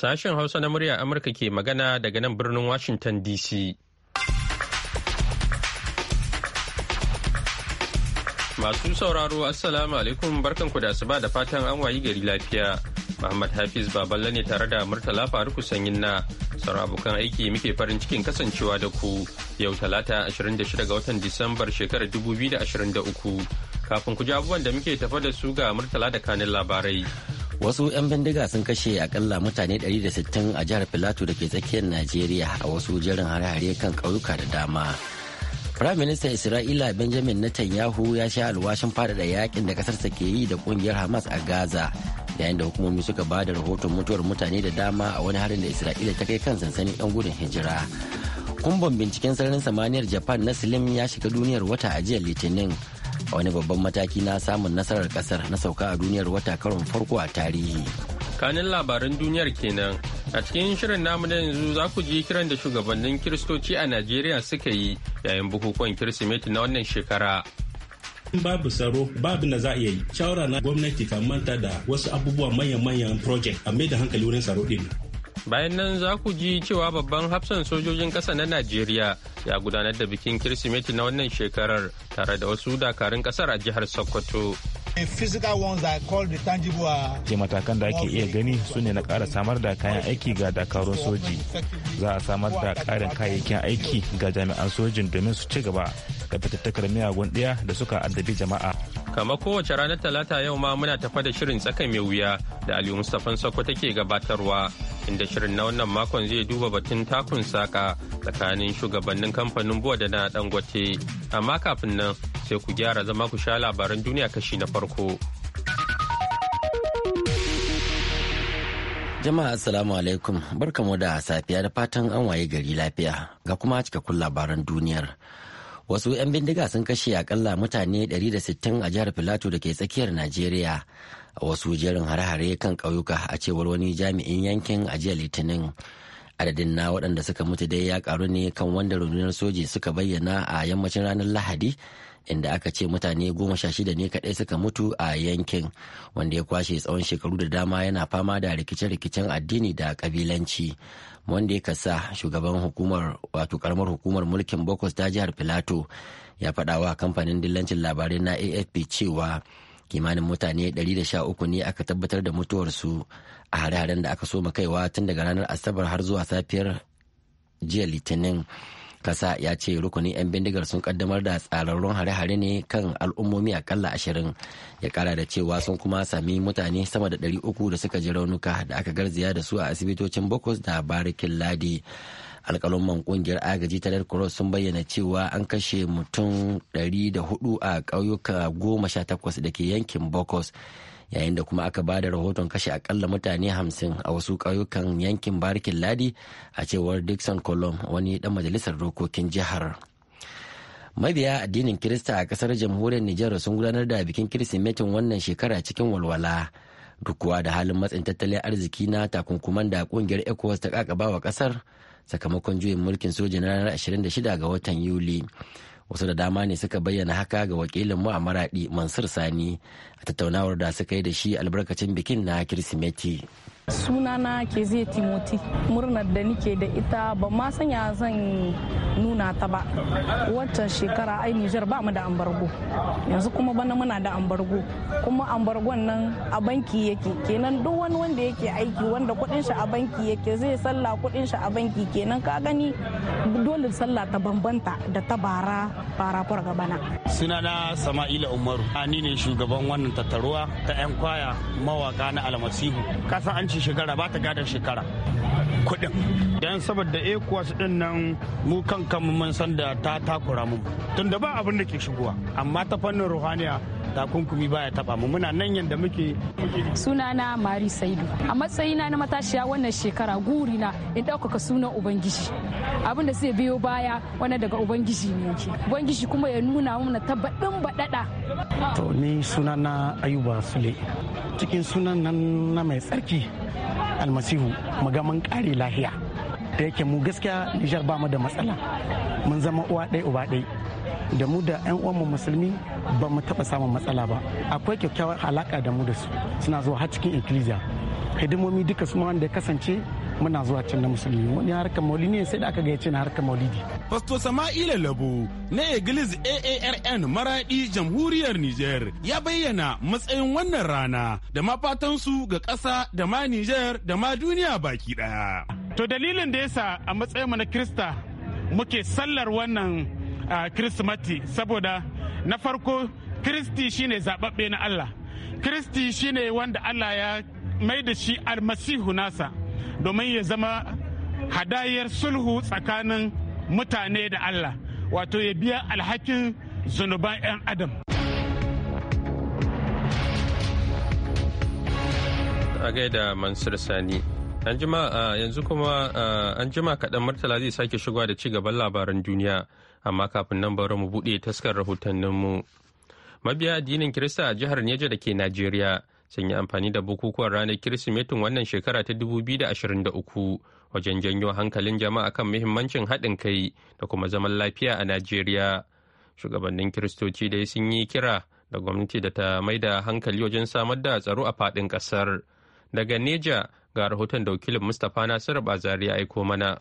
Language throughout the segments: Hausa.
Sashen Hausa na murya Amurka ke magana daga nan birnin Washington DC. Masu sauraro Assalamu alaikum ku da asuba da fatan an wayi gari lafiya. Muhammad Hafiz Baballe ne tare da Murtala Faruku Sanyin na sauran abokan aiki muke farin cikin kasancewa da ku yau talata 26 ga watan Disambar shekarar 2023 kafin ku ji abubuwan da muke tafa da su ga Murtala da kanin labarai. wasu 'yan bindiga sun kashe akalla mutane 160 a jihar filato da ke tsakiyar najeriya a wasu jerin hare-hare kan kauyuka da dama Prime Minister Isra'ila Benjamin Netanyahu ya sha alwashin faɗaɗa yakin da ƙasarsa ke yi da ƙungiyar Hamas a Gaza yayin da hukumomi suka ba da rahoton mutuwar mutane da dama a wani harin da Isra'ila ta kai kan sansanin 'yan gudun hijira. Kumban binciken sararin samaniyar Japan na Slim ya shiga duniyar wata a jiya Litinin a wani babban mataki na samun nasarar kasar na sauka a duniyar wata karon farko a tarihi kanin labaran duniyar kenan a cikin shirin namu na yanzu za ku ji kiran da shugabannin kiristoci a najeriya suka yi yayin bukukuwan kirsimeti na wannan shekara babu tsaro babu na za a yi shawara na gwamnati kan manta da wasu abubuwa manya-manyan project a mai da hankali wurin tsaro din bayan nan za ku ji cewa babban hafsan sojojin ƙasa na najeriya ya gudanar da bikin kirsimeti na wannan shekarar tare da wasu dakarun ƙasar a jihar sokoto Uh, ke matakan da ake iya gani su ne na ƙara samar da kayan aiki ga dakarun soji za a samar da karin kayayyakin aiki ga jami'an sojin domin su ci gaba da fitattakar miyagun ɗaya da suka addabi jama'a kama kowace ranar talata yau ma muna tafa da shirin tsakai mai wuya da aliyu mustapha sako take gabatarwa inda shirin na wannan makon zai duba batun takun saka tsakanin shugabannin kamfanin buwa da na dangote amma kafin nan sai ku gyara zama ku sha labaran duniya kashi na farko. Jama'a Assalamu alaikum barkamu da safiya da fatan an waye gari lafiya ga kuma cikakkun labaran duniyar. Wasu 'yan bindiga sun kashe akalla mutane 160 a jihar Filato da ke tsakiyar Najeriya a wasu jerin hare-hare kan ƙauyuka a cewar wani jami'in yankin a jiya Litinin. adadin na waɗanda suka mutu dai ya karu ne kan wanda rundunar soji suka bayyana a yammacin ranar lahadi inda aka ce mutane goma sha shida ne kaɗai suka mutu a yankin wanda ya kwashe tsawon shekaru da dama yana fama da rikice-rikicen addini da kabilanci wanda ya kasa shugaban hukumar wato karamar hukumar mulkin bokos ta jihar filato ya faɗa wa kamfanin dillancin labarai na afp cewa kimanin mutane 113 ne aka tabbatar da mutuwarsu a hare-haren da aka soma kaiwa tun daga ranar asabar har zuwa safiyar jiya litinin kasa ya ce rukunin 'yan bindigar sun kaddamar da tsararrun hare-hare ne kan al'ummomi akalla ashirin ya kara da cewa sun kuma sami mutane sama da 300 da suka ji raunuka da aka garzaya da su a asibitocin bokos da barikin ladi alkalumman kungiyar agaji ta red cross sun bayyana cewa an kashe mutum 104 a ƙauyuka 18 da ke yankin bokos yayin da kuma aka ba da rahoton kashe akalla mutane hamsin a wasu ƙauyukan yankin barkin ladi a cewar dixon colom wani dan majalisar dokokin jihar mabiya addinin kirista a kasar jamhuriyar nijar sun gudanar da bikin kirsimetin wannan shekara cikin walwala dukuwa da halin matsin tattalin arziki na takunkuman da kungiyar ecowas ta kakaba wa kasar sakamakon juyin mulkin soja na ranar 26 ga watan yuli wasu da dama ne suka bayyana haka ga wakilinmu a maraɗi mansur sani a tattaunawar da suka yi da shi albarkacin bikin na kirsimeti sunana ke zai timoti murnar da nike da ita ba ma sanya zan nuna ta ba wancan shekara ai nijar ba mu da ambargo yanzu kuma bana muna da ambargo kuma ambargon nan a banki yake kenan duk wani wanda yake aiki wanda kudin shi a banki yake zai sallah kudin shi a banki kenan ka gani dole sallah ta bambanta da ta bara bara gaba bana sunana sama'ila umaru ani ne shugaban wannan tattaruwa ta yan kwaya mawaka na almasihu kasan an ci shi shekara ba ta gadar shekara kuɗin don saboda su din nan mu kan mun san da ta takura mu tunda ba abin da ke shigowa amma ta fannin ruhaniya takunkumi baya taba mu muna nan yadda muke sunana mari saidu a matsayina na matashiya wannan shekara gurina in ɗaukaka sunan ubangiji abin da zai biyo baya wani daga ubangiji ne yake ubangiji kuma ya nuna mana baɗin baɗaɗa to ni sunana ayuba sule cikin sunan nan na mai tsarki almasihu magaman kare lahiya da yake mu gaskiya nijar ba mu da matsala mun zama uwa ɗaya uba ɗaya da mu da 'yan uwanmu musulmi ba mu taɓa samun matsala ba akwai kyakkyawar alaƙa da mu da su suna zuwa har cikin ikkilisiya hidimomi duka su wanda ya kasance muna zuwa can na musulmi wani harkar maulidi ne sai da aka gayyace na harkar maulidi. Pasto Sama'ila Labo na Iglis AARN maraɗi Jamhuriyar niger ya bayyana matsayin wannan rana da ma su ga ƙasa da ma Nijar da ma duniya baki ɗaya. To dalilin da yasa a matsayin mu na Krista muke sallar wannan a Kirsimati saboda na farko Kristi shine zababbe na Allah. Kristi shine wanda Allah ya mai da shi almasihu nasa domin ya zama hadayar sulhu tsakanin mutane da Allah wato ya biya alhakin zunuban 'yan adam. a gaida mansur sani An jima yanzu kuma an jima kaɗan Murtala zai sake shigowa da ci gaban labaran duniya, amma kafin nan bari mu buɗe taskar rahotanninmu. Mabiya addinin Kirista a jihar Neja da ke Najeriya sun yi amfani da bukukuwan ranar Kirsimetin wannan shekara ta 2023 wajen janyo hankalin jama'a kan muhimmancin haɗin kai da kuma zaman lafiya a Najeriya. Shugabannin Kiristoci dai sun yi kira da gwamnati da ta mai da hankali wajen samar da tsaro a faɗin ƙasar. Daga Neja ga rahoton da wakilin mustapha nasiru bazari ya aiko mana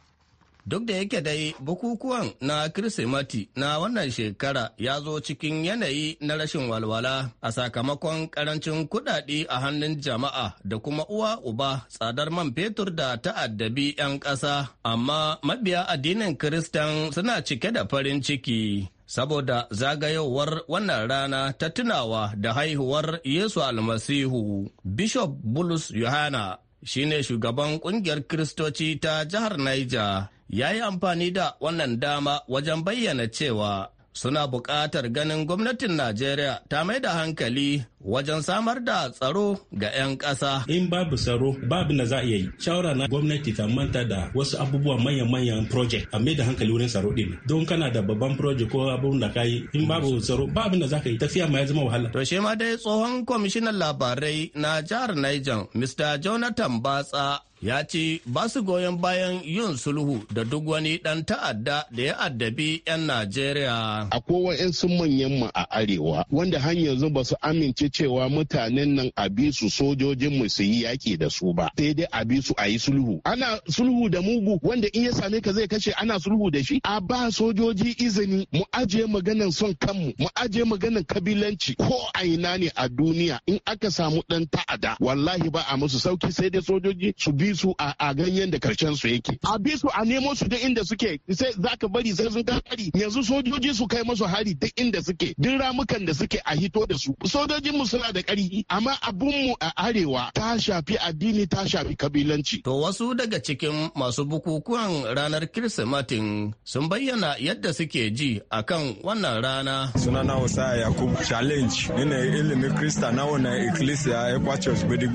Duk da yake dai bukukuwan na Kirsimati na wannan shekara ya zo cikin yanayi na rashin walwala a sakamakon karancin kudade a hannun jama'a da kuma uwa uba tsadar man fetur da ta'addabi 'yan ƙasa, amma mabiya addinin Kiristan suna cike da farin ciki. saboda zagayowar wannan rana ta tunawa da haihuwar Yesu almasihu. Bishop Bulus Yohana Shi ne shugaban kungiyar Kiristoci ta jihar Niger ya yi amfani da wannan dama wajen bayyana cewa suna buƙatar ganin gwamnatin Najeriya ta mai da hankali wajen samar da tsaro ga 'yan ƙasa. In babu tsaro babu na za a yi. Shawara na gwamnati ta manta da wasu abubuwa manya-manyan project a mai da hankali wurin tsaro din. Don kana da babban project ko abun da ka yi in babu tsaro babu na za ka yi tafiya ma ya zama wahala. To shi ma dai tsohon kwamishinan labarai na jihar Niger Mr. Jonathan Batsa ya ce ba su goyon bayan yin sulhu da duk wani dan ta'adda da ya addabi 'yan Najeriya. Akwai sun manyan mu a arewa wanda har yanzu ba su amince cewa mutanen nan a bi su sojojin mu su yi yaki da su ba sai dai a su a yi sulhu. Ana sulhu da mugu wanda in ya same ka zai kashe ana sulhu da shi. A ba sojoji izini mu ajiye maganan son kanmu mu ajiye maganan kabilanci ko a ina ne a duniya in aka samu dan ta'adda wallahi ba a musu sauki sai dai sojoji su bi su a ganyen da karshen su yake a bi su a nemo su duk inda suke sai zaka bari sai sun kai hari yanzu sojoji su kai masu hari duk inda suke duk ramukan da suke a hito da su sojojin mu suna da ƙarfi amma abun mu a arewa ta shafi addini ta shafi kabilanci to wasu daga cikin masu bukukuwan ranar kirsimatin sun bayyana yadda suke ji akan wannan rana sunana wasa yakub challenge ni ne ilimin krista na wannan ecclesia ekwa church gbidi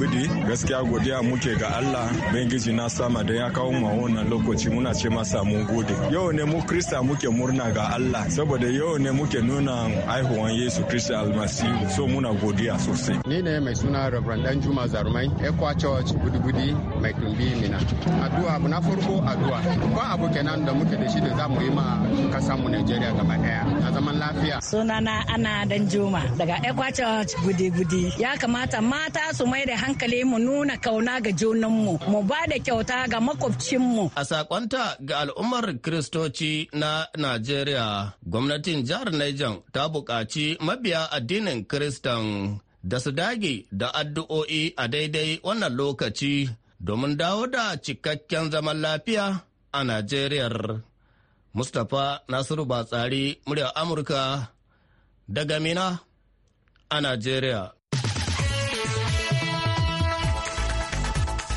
gaskiya godiya muke ga allah bangiji na sama da ya kawo mu wannan lokaci muna ce masa mun gode yau ne mu krista muke murna ga Allah saboda yau ne muke nuna haihuwan Yesu Kristi almasihu so muna godiya sosai ni ne mai suna Reverend Dan Juma Zarumai Equa Church Gudugudi mai tumbi Mina addu'a abu na farko addu'a ba abu kenan da muke da shi da zamu yi ma kasar mu Najeriya gaba daya na zaman lafiya sunana ana Dan Juma daga Equa Church Gudugudi. ya kamata mata su mai da hankali mu nuna kauna ga junanmu mu ba da kyauta ga makwabcinmu. A sakonta ga al'ummar Kiristoci na Najeriya, gwamnatin jihar Niger ta buƙaci mabiya addinin Kiristan da su dage da addu'o'i a daidai wannan lokaci domin dawo da cikakken zaman lafiya a Najeriyar. Mustapha Nasiru Batsari, muryar Amurka daga Mina a Najeriya.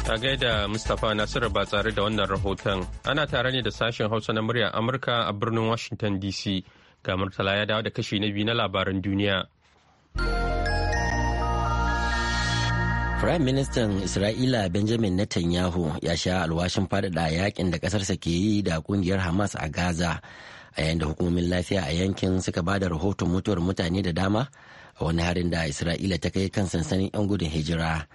Ta gaida Mustapha Nasiru ba tsare da wannan rahoton. Ana tare ne da sashen Hausa na murya Amurka a birnin Washington DC. Ga Murtala ya dawo da kashi na biyu na labaran duniya. Firayim Ministan Isra'ila Benjamin Netanyahu ya sha alwashin faɗaɗa yakin da ƙasarsa ke yi da ƙungiyar Hamas a Gaza, a yayin da hukumomin lafiya a yankin suka ba da rahoton mutuwar mutane da dama a wani harin da Isra'ila ta kai kan sansanin 'yan gudun hijira.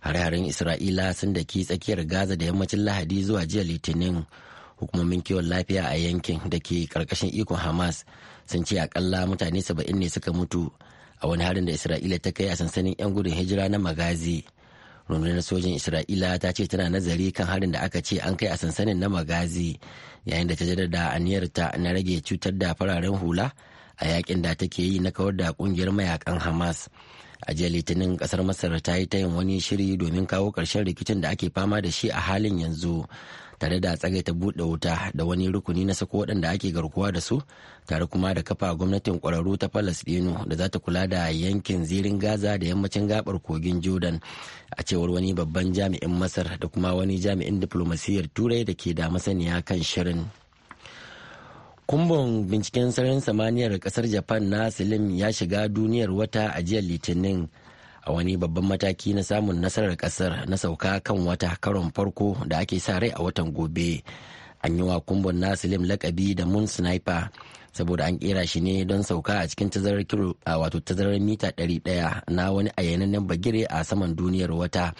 hare-haren isra'ila sun daki tsakiyar gaza da yammacin lahadi zuwa jiya litinin hukumomin kiwon lafiya a yankin da ke karkashin ikon hamas sun ce akalla mutane saba'in ne suka mutu a wani harin da isra'ila ta kai a sansanin 'yan gudun hijira na magazi rundunar sojin isra'ila ta ce tana nazari kan harin da aka ce an kai a sansanin na magazi yayin da ta jaddada aniyarta na rage cutar da fararen hula a yakin da take yi na kawar da kungiyar mayakan hamas a jiya litinin kasar masar ta yi tayin wani shiri domin kawo karshen rikicin da ake fama da shi a halin yanzu tare da tsagaita buɗe wuta da wani rukuni na sako waɗanda ake garkuwa da su tare kuma da kafa gwamnatin ƙwararru ta falasɗinu da za ta kula da yankin zirin gaza da yammacin gabar kogin jordan a cewar wani babban jami'in masar da kuma wani jami'in diflomasiyyar turai da ke da masaniya kan shirin. Kumbon binciken sararin samaniyar kasar Japan na Silim ya shiga duniyar wata a jiya Litinin a wani babban mataki na samun nasarar kasar na sauka kan wata karon farko da ake sa rai a watan gobe. An yi wa kumbin na Silim lakabi da Moon Sniper saboda an kera shi ne don sauka a cikin tazarar kilo wato tazarar mita 100 na wani ayyanannen bagire a saman duniyar wata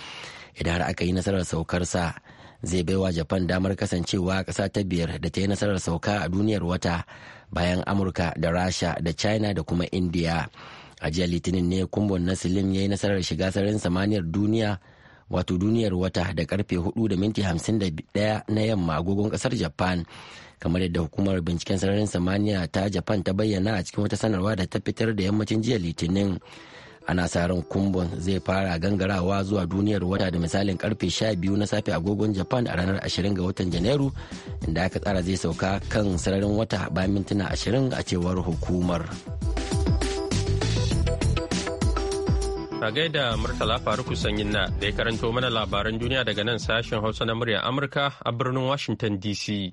idan har aka yi nasarar saukarsa zai baiwa japan damar kasancewa ƙasa ta biyar da ta yi nasarar sauka a duniyar wata bayan amurka da rasha da china da kuma india a jiya litinin ne kumbon na silim ya yi nasarar shiga sararin samaniyar duniya wato duniyar wata da karfe 4 da minti 51 na yamma agogon kasar japan kamar yadda hukumar binciken sararin samaniya ta japan ta bayyana a cikin wata sanarwa da ta fitar da yammacin jiya litinin ana sa ran kumbon zai fara gangarawa zuwa duniyar wata da misalin karfe 12 na safe agogon japan a ranar 20 ga watan janairu inda aka tsara zai sauka kan sararin wata bayan mintuna 20 a cewar hukumar a gaida murtala faruku sanyin na da ya karanto mana labaran duniya daga nan sashen hausa na murya amurka a birnin washington dc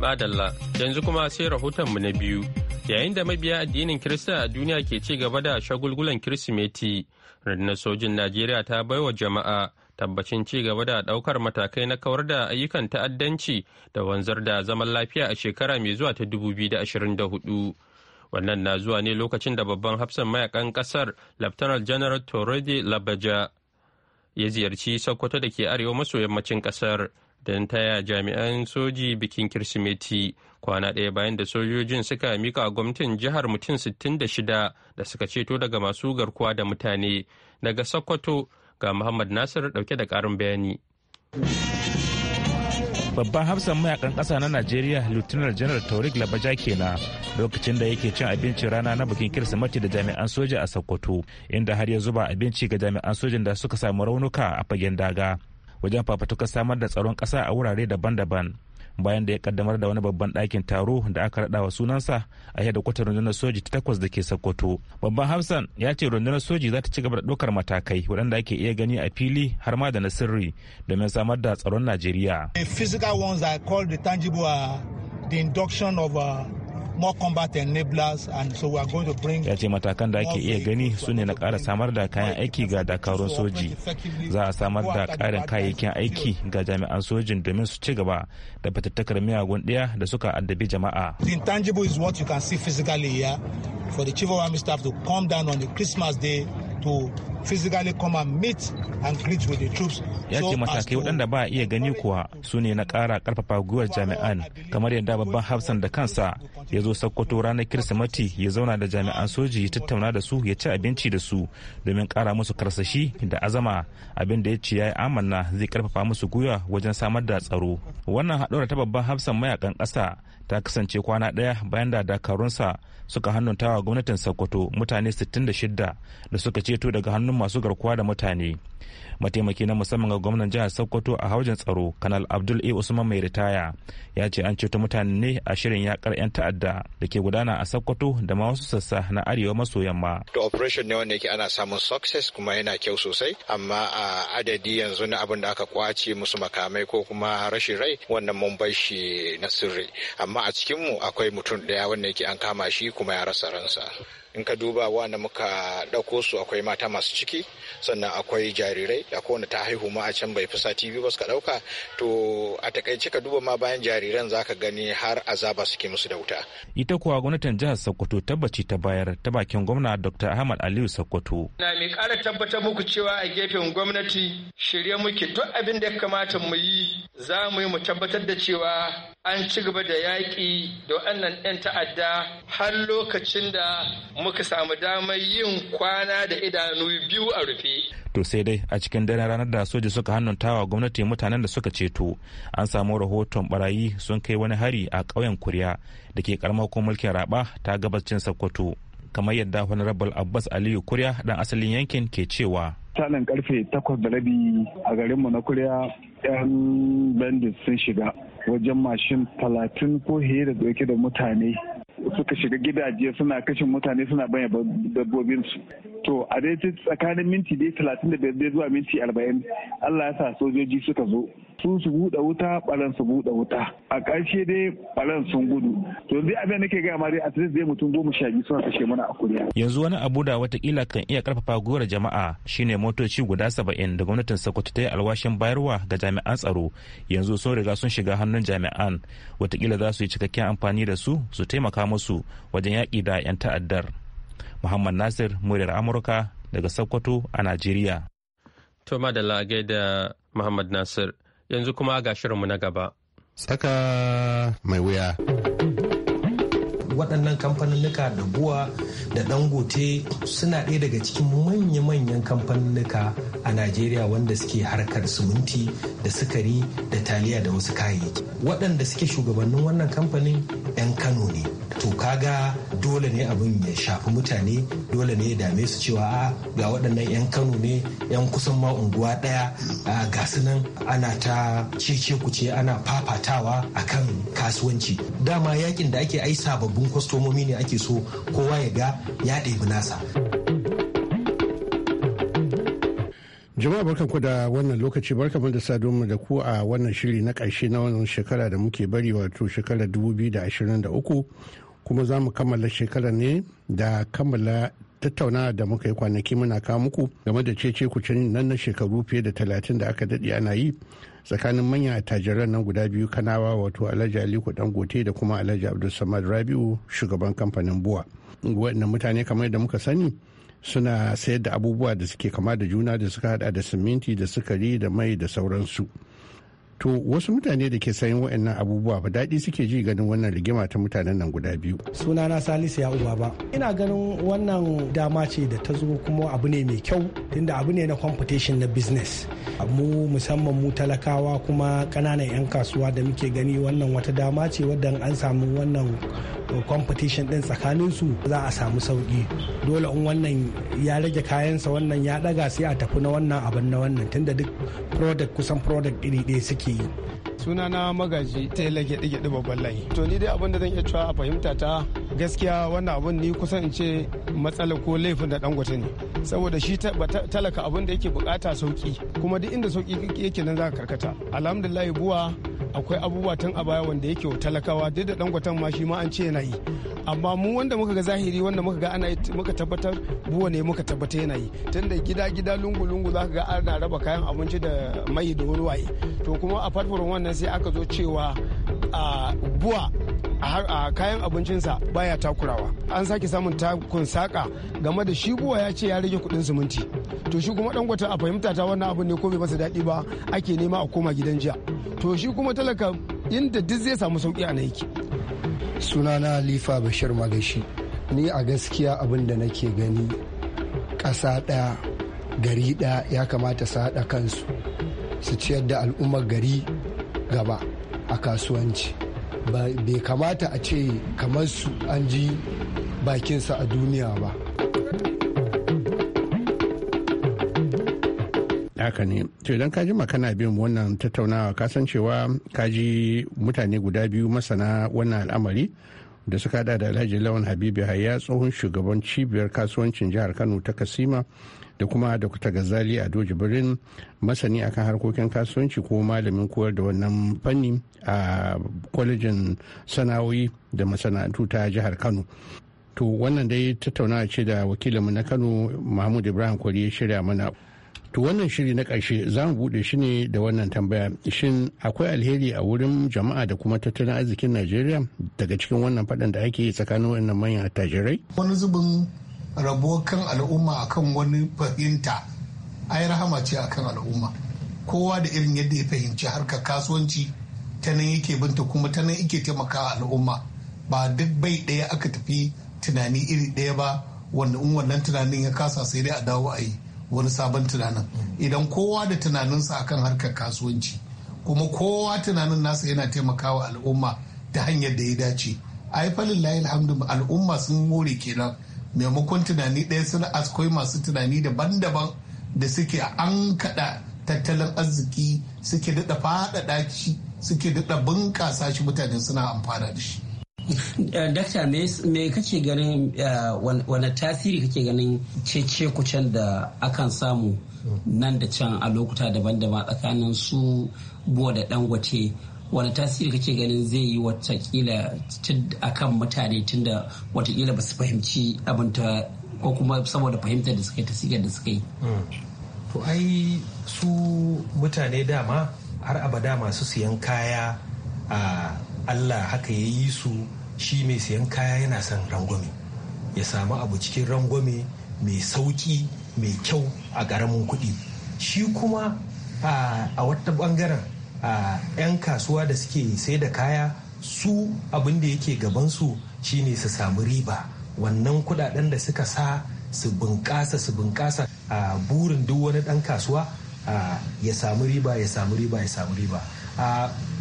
Badalla, yanzu kuma sai rahoton mu na biyu. Yayin da mabiya addinin Kirista a duniya ke ci gaba da shagulgulan Kirsimeti, rundunar sojin Najeriya ta baiwa jama'a tabbacin ci gaba da daukar matakai na kawar da ayyukan ta'addanci da wanzar da zaman lafiya a shekara mai zuwa ta dubu da da hudu Wannan na zuwa ne lokacin da babban hafsan mayakan ƙasar Laftanar General Torede Labaja ya ziyarci Sokoto da ke arewa maso yammacin kasar. don taya jami'an soji bikin kirsimeti kwana ɗaya bayan da sojojin suka mika gwamnatin jihar mutum 66 da suka ceto daga masu garkuwa da mutane daga sokoto ga muhammad nasir ɗauke da ƙarin bayani babban hafsan mayakan ƙasa na najeriya lieutenant general taurik labaja kenan lokacin da yake cin abincin rana na bikin kirsimeti da jami'an soja a sokoto inda har ya zuba abinci ga jami'an sojin da suka samu raunuka a fagen daga wajen fafatukar samar da tsaron ƙasa a wurare daban-daban bayan da ya kaddamar da wani babban ɗakin taro da aka raɗa wa sunansa a yadda kwatar rundunar soji ta takwas da ke sokoto babban hafsan ya ce rundunar soji za ta ci gaba da ɗaukar matakai waɗanda ake iya gani a fili har ma da na sirri domin samar da tsaron najeriya the physical ones are call the tangible the induction of uh, ya ce matakan da ake iya gani su ne na ƙara samar da kayan aiki ga dakarun soji za a samar da ƙarin kayayyakin aiki ga jami'an sojin domin su ci gaba da fitattakar miyagun ɗaya da suka addabi jama'a the intangible is what you can see physically here for the chief of army staff to come down on the christmas day to physically come and meet and greet with the troops. Ya ce matakai waɗanda ba a iya gani kuwa su ne na ƙara ƙarfafa gwiwar jami'an kamar yadda babban hafsan da kansa ya zo sakkwato ranar Kirsimati ya zauna da jami'an soji ya tattauna da su ya ci abinci da su domin ƙara musu karsashi da azama abin da ya ce ya yi amanna zai ƙarfafa musu gwiwa wajen samar da tsaro. Wannan haɗuwar ta babban hafsan mayakan ƙasa ta kasance kwana ɗaya bayan da dakarunsa suka hannuntawa gwamnatin sokoto mutane 66 da suka ceto daga hannun masu garkuwa da mutane mataimaki na musamman ga gwamnan jihar sokoto a haujin tsaro kanal abdul a usman mai ritaya ya ce an ceto mutane ne a shirin yakar 'yan ta'adda da ke gudana a sokoto da ma wasu sassa na arewa maso yamma to operation ne wanda yake ana samun success kuma yana kyau sosai amma a adadi yanzu na abin da aka kwace musu makamai ko kuma rashin rai wannan mun bai shi na sirri amma kuma a cikinmu akwai mutum ɗaya wanda yake an kama shi kuma ya rasa ransa in ka duba wanda muka ɗauko su akwai mata masu ciki sannan akwai jarirai da kowane ta haihu ma a can bai fi sati TV ba suka ɗauka to a takaice ka duba ma bayan jariran za ka gani har azaba suke musu da wuta. ita kuwa gwamnatin jihar sokoto tabbaci ta bayar ta bakin gwamna dr ahmad aliyu sokoto. na mai kara tabbatar muku cewa a gefen gwamnati shirye muke duk abin da ya kamata mu yi za mu yi mu tabbatar da cewa an ci gaba da yaƙi da waɗannan 'yan ta'adda har lokacin da muka samu damar yin kwana da idanu biyu a rufe. To sai dai a cikin daren ranar da soja suka hannuntawa gwamnati mutanen da suka ceto an samu rahoton barayi sun kai wani hari a ƙauyen Kuriya da ke ƙaramar mulkin raba ta gabacin Sokoto. kamar yadda honorable abbas aliyu Kuriya dan asalin yankin ke cewa misalin karfe takwas da rabi a garinmu na kuriya 'yan bandit sun shiga wajen mashin talatin ko fiye da dauke da mutane suka shiga gidaje suna kashe mutane suna banya dabbobinsu to a dai tsakanin minti dai talatin da biyar zuwa minti arba'in allah ya sa sojoji suka zo su su buɗe wuta ɓaran su buɗe wuta a ƙarshe dai ɓaran sun gudu to dai abin nake gaya ma dai at dai mutum goma sha biyu suna kashe mana a kuriya yanzu wani abu da watakila kan iya karfafa gwiwar jama'a shine motoci guda saba'in da gwamnatin sokoto ta yi alwashin bayarwa ga jami'an tsaro yanzu sun riga sun shiga hannu hannun jami'an watakila za su yi cikakken amfani da su su taimaka musu wajen yaƙi da 'yan ta'addar muhammad nasir muryar amurka daga sokoto a najeriya to madalla da muhammad nasir yanzu kuma ga shirinmu na gaba Saka mai wuya waɗannan kamfanin da buwa da dangote suna ɗaya daga cikin manya-manyan kamfaninnika a najeriya wanda suke harkar siminti da sukari da taliya da wasu kayayyaki waɗanda suke shugabannin wannan kamfanin 'yan kano ne to kaga dole ne abin ya shafi mutane dole ne ya dame su cewa a ga waɗannan 'yan kano ne 'yan kusan ma unguwa ɗaya ga su nan ana ta cece kuce ana fafatawa akan kasuwanci dama yakin da ake ai sababbin sababbin kwastomomi ne ake so kowa ya ga ya ɗebi nasa. jama'a barkanku da wannan lokaci barka mu da mu da ku a wannan shiri na ƙarshe na wannan shekara da muke bari wato shekarar 2023 kuma za mu kammala shekarar ne da kammala tattauna da muka yi kwanaki muna kawo muku game da cece kucin nan na shekaru fiye da talatin da aka daɗe ana yi tsakanin manyan attajiran nan guda biyu kanawa wato alhaji aliko dangote da kuma alhaji abdul samad rabiu shugaban kamfanin buwa waɗannan mutane kamar da muka sani suna sayar da abubuwa da suke kama da juna da suka hada da siminti da sukari da mai da sauransu to wasu mutane da ke sayan waɗannan abubuwa ba daɗi suke ji ganin wannan rigima ta mutanen nan guda biyu sunana salisu ya uba ba ina ganin wannan dama ce da ta zo kuma abu ne mai kyau tunda abu ne na competition na business mu musamman mu talakawa kuma ƙananan 'yan kasuwa da muke gani wannan wata dama ce wadda an samu wannan competition din tsakanin su za a samu sauki dole in wannan ya rage kayansa wannan ya daga sai a tafi na wannan abin na wannan tunda duk product kusan product iri ɗaya suke ake yi sunana magaji ta yi lage ɗige babban layi to ni dai abin da zan iya cewa a fahimta ta gaskiya wannan abin ni kusan in ce matsala ko laifin da dangote ne saboda shi talaka abin da yake bukata sauki kuma duk inda sauki yake nan za ka karkata alhamdulillah buwa akwai abubuwa tun a baya wanda yake talakawa duk da dangwatan ma shi ma an ce yana yi amma mu wanda muka ga zahiri wanda muka ga ana muka tabbatar buwa ne muka tabbata yana yi tunda gida gida lungu lungu zaka ga ana raba kayan abinci da mai da wani to kuma a farfarin wannan sai aka zo cewa a buwa a kayan abincinsa baya takurawa an sake samun takun saka game da shi buwa ya ce ya rage kudin siminti to shi kuma dan a fahimta ta wannan abu ne ko bai masa daɗi ba ake nema a koma gidan jiya to shi kuma talaka inda duk zai samu sauki a naiki sunana halifa bashir magashi ni a gaskiya abin da nake gani ƙasa ɗaya gari ɗaya ya kamata su haɗa kansu su ciyar da al'ummar gari gaba a kasuwanci bai kamata a ce kamar su an ji bakinsa a duniya ba haka ne to idan ka ji makana bin wannan tattaunawa ka cewa ka ji mutane guda biyu masana wannan al'amari da suka hada da alhaji lawan habibu hayya tsohon shugaban cibiyar kasuwancin jihar kano ta kasima da kuma dr gazali a doji birnin masani akan harkokin kasuwanci ko malamin koyar da wannan fanni a kwalejin sana'o'i da masana'antu ta jihar kano to wannan dai tattaunawa ce da wakilinmu na kano mahmud ibrahim kwari ya shirya mana To wannan shiri na ƙarshe za mu buɗe shi ne da wannan tambaya. Shin akwai alheri a wurin jama'a da kuma tattalin arzikin Najeriya daga cikin wannan faɗan da ake yi tsakanin wannan manyan attajirai? Wani zubin rabo kan al'umma akan wani fahimta ai rahama ce akan al'umma. Kowa da irin yadda ya fahimci harkar kasuwanci ta nan yake binta kuma ta nan yake taimaka al'umma ba duk bai ɗaya aka tafi tunani iri ɗaya ba wanda in wannan tunanin ya kasa sai dai a dawo a yi. wani sabon tunanin mm. idan kowa da tunaninsa akan harkar kasuwanci kuma kowa tunanin nasa yana taimakawa al'umma ta hanyar da ya dace ai falillahi alhamdu al'umma sun more kenan maimakon tunani ɗaya suna askoi masu tunani daban-daban da suke an kaɗa tattalin arziki suke daɗa faɗaɗa shi suke daɗa bunƙasa shi mutane suna amfana da shi Eh, Dakta me kake ganin eh, wani tasiri kake ganin cece kucen da akan samu nan da can a lokuta daban-daban tsakanin su buwa da dangote wani tasiri kake ganin zai yi watakila akan mutane tunda watakila ba su fahimci abinta ko kuma saboda fahimtar da suka yi tasirar da suka yi. Hmm. To ai su mutane dama har abada masu siyan kaya a ah, Allah haka ya yi su shi mai sayan kaya yana son rangwame ya samu abu cikin rangwame mai sauki mai kyau a ƙaramin kuɗi shi kuma a wata ɓangaren yan kasuwa da suke sai da kaya su abin da yake gabansu shine su samu riba wannan kuɗaɗen da suka sa su bunƙasa su bunƙasa a burin duk wani ɗan kasuwa ya samu riba ya samu riba ya samu riba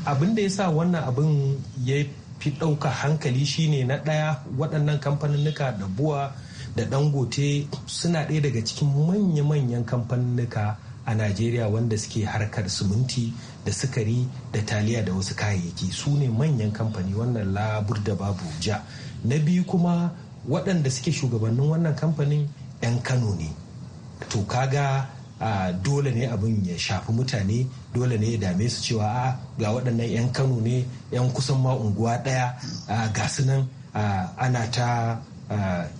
abin da ya sa wannan abin ya fi ɗauka hankali shine na ɗaya waɗannan kamfaninnika da buwa da dangote suna ɗaya daga cikin manya-manyan kamfaninnika a najeriya wanda suke harkar siminti da sukari da taliya da wasu kayayyaki su ne manyan kamfani wannan labur da babu ja na biyu kuma waɗanda suke shugabannin wannan kamfanin 'yan kano ne to kaga dole ne abin ya shafi mutane dole ne ya dame su cewa a ga waɗannan 'yan kano ne 'yan kusan ma unguwa ɗaya ga su nan ana ta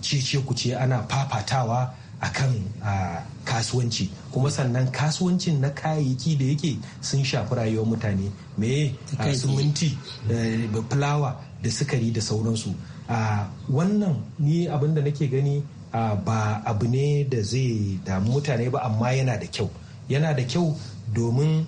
cece kuce ana fafatawa a kan kasuwanci kuma sannan kasuwancin na kayayyaki da yake sun shafi rayuwar mutane me eh, da fulawa da sukari da sauransu wannan ni abin da nake gani ba abu ne da zai damu mutane ba amma yana da kyau yana da kyau domin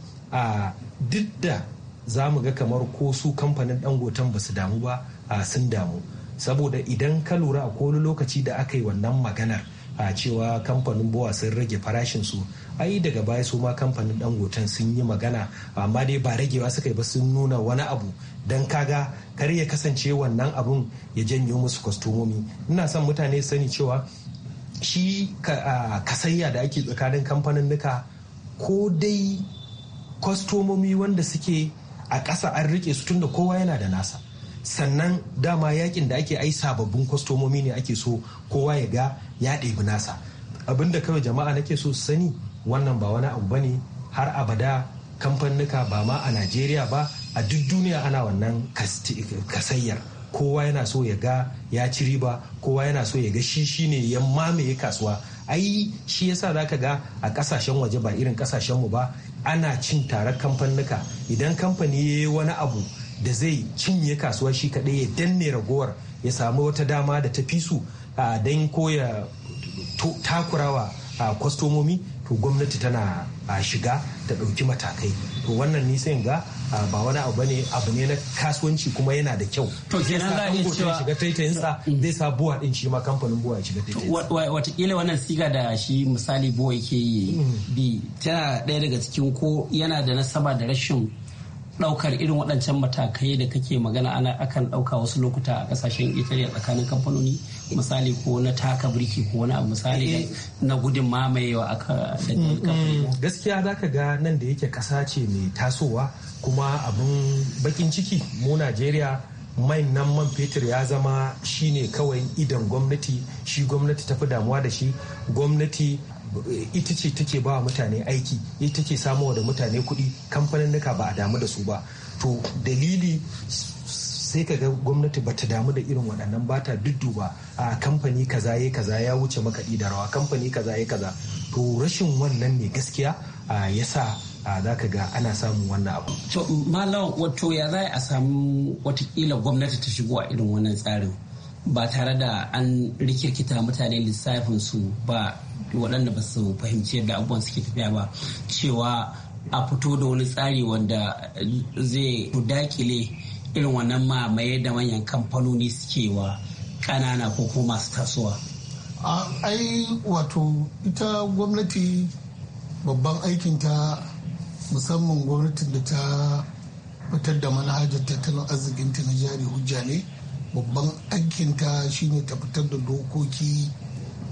duk da za mu ga kamar ko su kamfanin dangoton ba su damu ba sun damu saboda idan ka lura a wani lokaci da aka yi wannan maganar a cewa kamfanin buwa sun rage farashinsu ai daga baya su ma kamfanin dangoten sun yi magana amma dai ba ragewa suka yi ba sun nuna wani abu don kaga kar ya kasance wannan abun ya janyo musu kwastomomi ina son mutane sani cewa shi kasayya da ake tsakanin kamfanin nuka ko dai kwastomomi wanda suke a ƙasa an rike su tunda kowa yana da nasa sannan dama yakin da ake ai sababbin kwastomomi ne ake so kowa ya ga ya ɗebi nasa abinda kawai jama'a nake so su sani wannan ba wani abu bane har abada kamfanuka ba ma a najeriya ba a duk duniya ana wannan kasayyar kowa yana so ya ga ya ci riba kowa yana so ya ga shi shi ne ya mamaye kasuwa ai shi yasa ka ga a kasashen waje ba irin kasashen mu ba ana cin tarar kamfanuka idan kamfani ya yi wani abu da zai cinye kasuwa shi kaɗai ya danne ragowar ya samu wata dama da ta fi su don koya takurawa a kwastomomi to gwamnati tana ah, shiga ta ɗauki matakai to wannan nisan ga ah, ba wani abu ne abu ne na kasuwanci kuma yana da kyau to kenan za iya cewa shiga taitayinsa mm. zai sa buwa din shi ma kamfanin buwa ya shiga taitayinsa watakila wannan siga da shi misali buwa yake yi mm. bi tana ɗaya daga cikin ko yana da nasaba da rashin Daukar irin waɗancan matakai da kake magana ana akan ɗauka wasu lokuta a ƙasashen italiya tsakanin kamfanoni misali ko na taka birki ko wani abu misali eh. na gudun mamayewa aka mm, mm. gaskiya za ka ga nan da yake ƙasa ce mai tasowa kuma abin bakin ciki mu najeriya man nan man fetur ya zama shine kawai idan gwamnati shi gwamnati tafi damuwa da shi gwamnati eh, ita ce take ba mutane aiki ita take samuwa da mutane kuɗi kamfaninnika ba a damu da su ba to dalili sai ka ga gwamnati ba ta damu da irin waɗannan ba ta dudduba a kamfani kaza ya kaza ya wuce makaɗi da rawa kamfani kaza ya kaza to rashin wannan ne gaskiya ya sa za ka ga ana samun wannan abu. To malam wato ya za a samu watakila gwamnati ta shigo a irin wannan tsarin ba tare da an rikirkita mutane lissafin su ba waɗanda ba su fahimci yadda abubuwan suke tafiya ba cewa a fito da wani tsari wanda zai dakile irin wannan mamaye da manyan kamfanoni suke wa ƙanana ko kuma masu tasowa. ai wato ita gwamnati babban aikinta musamman gwamnatin da ta fitar da manhajar tattalin arzikinta na jari hujja ne babban aikin ta shine ta fitar da dokoki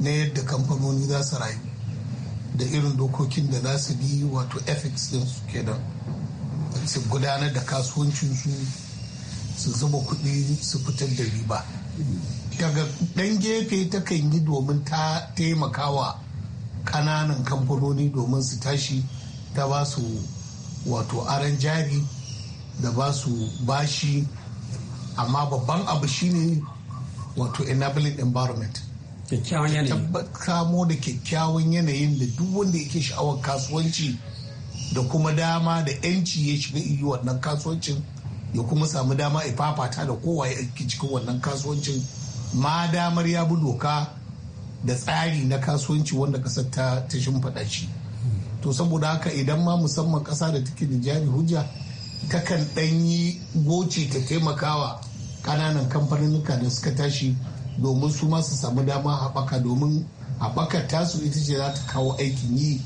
na yadda kamfanoni za su rayu da irin dokokin da za su bi wato ethics din su kenan su gudanar da kasuwancinsu su zuba kuɗi su fitar da riba daga ɗan gefe ta kan yi domin ta taimakawa ƙananan kamfanoni domin su tashi ta ba su wato aran jari da ba su bashi amma babban abu shine wato enabling environment kyakkyawan yanayi kamo da kyakkyawan yanayin da duk wanda yake sha'awar kasuwanci da kuma dama da yanci ya shiga iyo wannan kasuwancin ya kuma samu dama ya fafata da kowa ya cikin wannan kasuwancin ma damar ya bi doka da tsari na kasuwanci wanda kasar ta shimfiɗa shi to saboda haka idan ma musamman ƙasa da take da jari hujja takan ɗanyi goce ta taimakawa ƙananan nuka da suka tashi domin su ma samu dama haɓaka domin haɓakar tasu ita ce za ta kawo aikin yi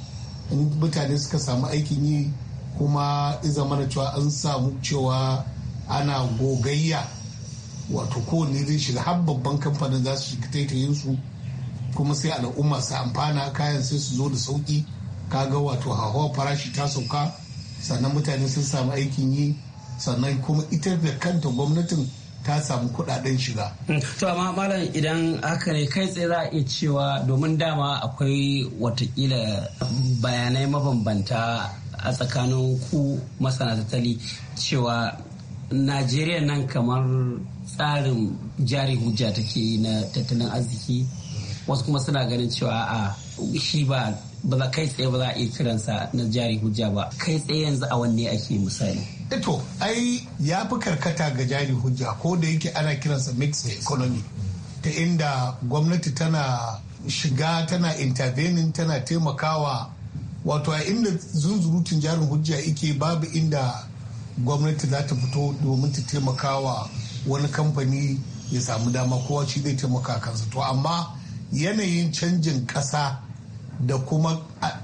in mutane suka samu aikin yi kuma iza mana cewa an samu cewa ana gogayya wato kowane zai shiga har babban kamfanin za su shiga taitayinsu kuma sai al'umma su amfana kayan sai su zo da sauki kaga wato hawa farashi ta sauka sannan mutane sun samu aikin yi sannan kuma ita da kanta gwamnatin ta samu kudaden shiga. Hmm. To amma malam idan haka ne kai tsaye za a iya cewa domin dama akwai watakila bayanai mabambanta a tsakanin ku masana tattali cewa Najeriya nan kamar tsarin jari hujja take yi na tattalin arziki wasu kuma suna ganin cewa a shi ba ba za kai tsaye ba za a iya kiransa na jari hujja ba kai tsaye yanzu a wanne ake misali Ito eh ai ya fi karkata ga jari hujja ko da yake ana kiransa mixed economy ta inda gwamnati tana shiga tana intervening tana taimakawa wato a inda zunzurutun jarin hujja ike babu inda gwamnati za ta fito domin ta taimakawa wani kamfani ya samu dama kowa shi zai taimaka kansa to amma yanayin canjin ƙasa da kuma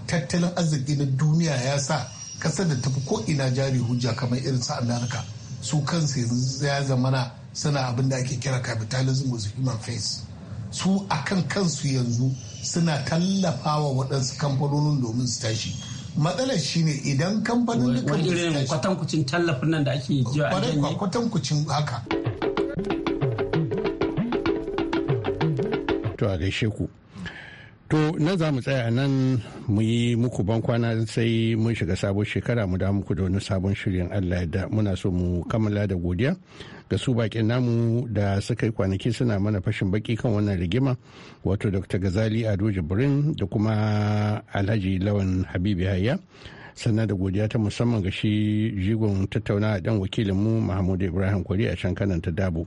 tattalin arziki na duniya ya sa kasar da tafi ko ina jari hujja kamar irin su amerika su kansu yanzu ya zamana suna abin da ake kira capitalism with human face su akan kansu yanzu suna tallafawa waɗansu kamfanonin domin su tashi matsalar shine idan kamfanin da kan kwatankucin tallafin nan da ake jiwa a janye kwatankucin haka to a gaishe ku To na za mu tsaya nan mu yi muku bankwana sai mun shiga sabon shekara mu da muku da wani sabon shirin Allah da muna so mu kammala da godiya ga su bakin namu da suka yi kwanaki suna mana fashin baki kan wannan rigima wato Dr. Gazali Ado Jibrin da kuma Alhaji Lawan Habibu Yahaya. sannan da godiya ta musamman ga shi jigon tattaunawa dan wakilinmu Mahmud Ibrahim Kwari a can kananta dabo.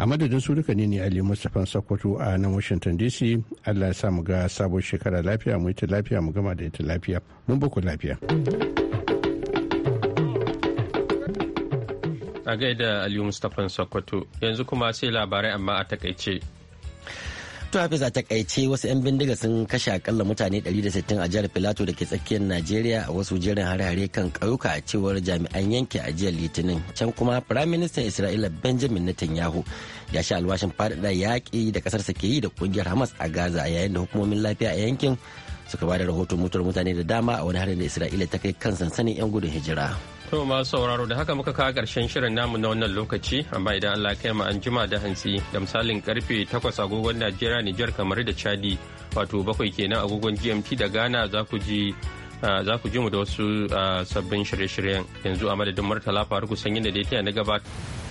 a madadin su duka ne ne ali mustapha sokoto a nan washington dc allah ya sa mu ga sabon shekara lafiya mu ita lafiya mu gama da ita lafiya mun ku lafiya a gaida Ali mustapha sokoto yanzu kuma sai labarai amma a takaice To Hafiz a takaice wasu 'yan bindiga sun kashe akalla mutane 160 a jihar Filato da ke tsakiyar Najeriya a wasu jerin hare-hare kan ƙauyuka a cewar jami'an yanki a jiya Litinin. Can kuma Firaministan Isra'ila Benjamin Netanyahu ya sha alwashin faɗaɗa yaƙi da ƙasarsa ke yi da ƙungiyar Hamas a Gaza yayin da hukumomin lafiya a yankin suka ba da rahoton mutuwar mutane da dama a wani harin da Isra'ila ta kai kan sansanin 'yan gudun hijira. To masu sauraro da haka muka kawo ƙarshen shirin namu na wannan lokaci amma idan Allah kai mu an jima da hantsi da misalin karfe 8 agogon Najeriya Nijar kamar da Chadi wato bakwai kenan agogon GMT da Ghana za ku ji za ku ji mu da wasu sabbin shirye-shiryen yanzu a madadin Murtala Faruku sanyin da da na gabata.